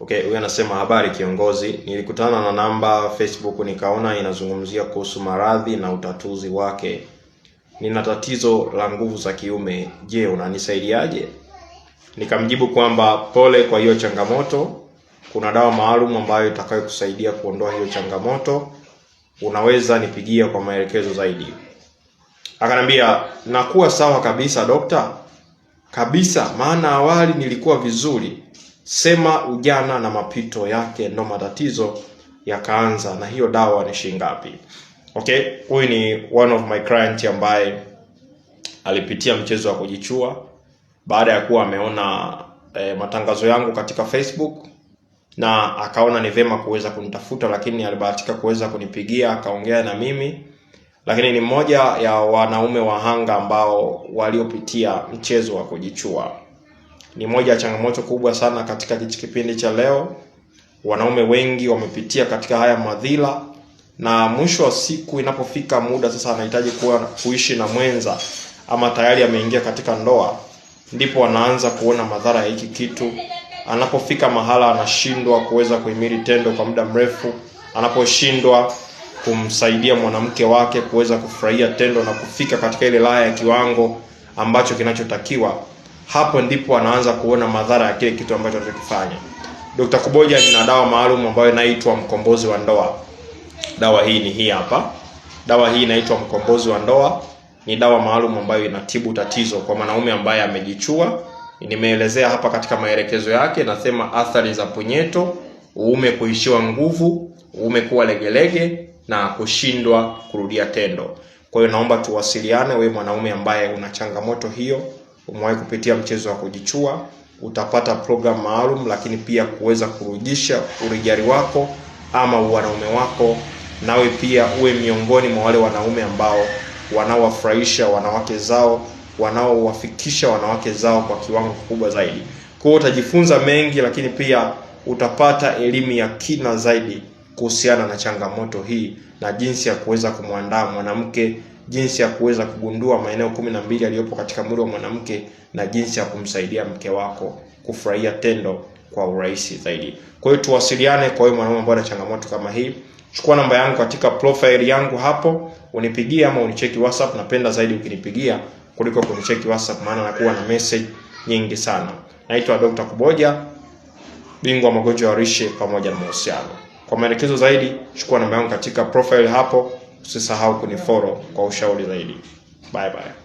Okay, huyu anasema habari kiongozi, nilikutana na namba Facebook nikaona inazungumzia kuhusu maradhi na utatuzi wake. Nina tatizo la nguvu za kiume, je, unanisaidiaje? Nikamjibu kwamba pole kwa hiyo changamoto, kuna dawa maalum ambayo itakayokusaidia kuondoa hiyo changamoto, unaweza nipigia kwa maelekezo zaidi. Akanambia nakuwa sawa kabisa dokta, kabisa, maana awali nilikuwa vizuri Sema ujana na mapito yake ndo matatizo yakaanza. Na hiyo dawa ni shilingi ngapi? Okay, huyu ni one of my client ambaye alipitia mchezo wa kujichua baada ya kuwa ameona eh, matangazo yangu katika Facebook na akaona ni vema kuweza kunitafuta, lakini alibahatika kuweza kunipigia akaongea na mimi, lakini ni mmoja ya wanaume wahanga ambao waliopitia mchezo wa kujichua ni moja ya changamoto kubwa sana katika kipindi cha leo. Wanaume wengi wamepitia katika haya madhila, na mwisho wa siku inapofika muda sasa anahitaji kuwa kuishi na mwenza ama tayari ameingia katika ndoa, ndipo anaanza kuona madhara ya hiki kitu. Anapofika mahala anashindwa kuweza kuhimili tendo kwa muda mrefu, anaposhindwa kumsaidia mwanamke wake kuweza kufurahia tendo na kufika katika ile laya ya kiwango ambacho kinachotakiwa hapo ndipo anaanza kuona madhara ya kile kitu ambacho anachokifanya. Dr. Kuboja nina dawa maalum ambayo inaitwa mkombozi wa ndoa. Dawa hii ni hii hapa. Dawa hii inaitwa mkombozi wa ndoa. Ni dawa maalum ambayo inatibu tatizo kwa mwanaume ambaye amejichua. Nimeelezea hapa katika maelekezo yake, nasema athari za punyeto, uume kuishiwa nguvu, uume kuwa legelege na kushindwa kurudia tendo. Kwa hiyo naomba tuwasiliane, wewe mwanaume ambaye una changamoto hiyo umewahi kupitia mchezo wa kujichua, utapata programu maalum, lakini pia kuweza kurudisha urijari wako ama wanaume wako, nawe pia uwe miongoni mwa wale wanaume ambao wanaowafurahisha wanawake zao, wanaowafikisha wanawake zao kwa kiwango kikubwa zaidi. Kwa hiyo utajifunza mengi, lakini pia utapata elimu ya kina zaidi kuhusiana na changamoto hii na jinsi ya kuweza kumwandaa mwanamke jinsi ya kuweza kugundua maeneo kumi na mbili yaliyopo katika mwili wa mwanamke na jinsi ya kumsaidia mke wako kufurahia tendo kwa urahisi zaidi. Kwa hiyo tuwasiliane. Kwa hiyo mwanaume ambaye ana changamoto kama hii, chukua namba yangu katika profile yangu hapo, unipigie ama unicheki WhatsApp. Napenda zaidi ukinipigia kuliko kunicheki WhatsApp, maana nakuwa na message nyingi sana. Naitwa Dr. Kuboja, bingwa magonjwa ya lishe pamoja na mahusiano. Kwa maelekezo zaidi, chukua namba yangu katika profile hapo. Usisahau kunifollow kwa ushauri zaidi. Bye bye.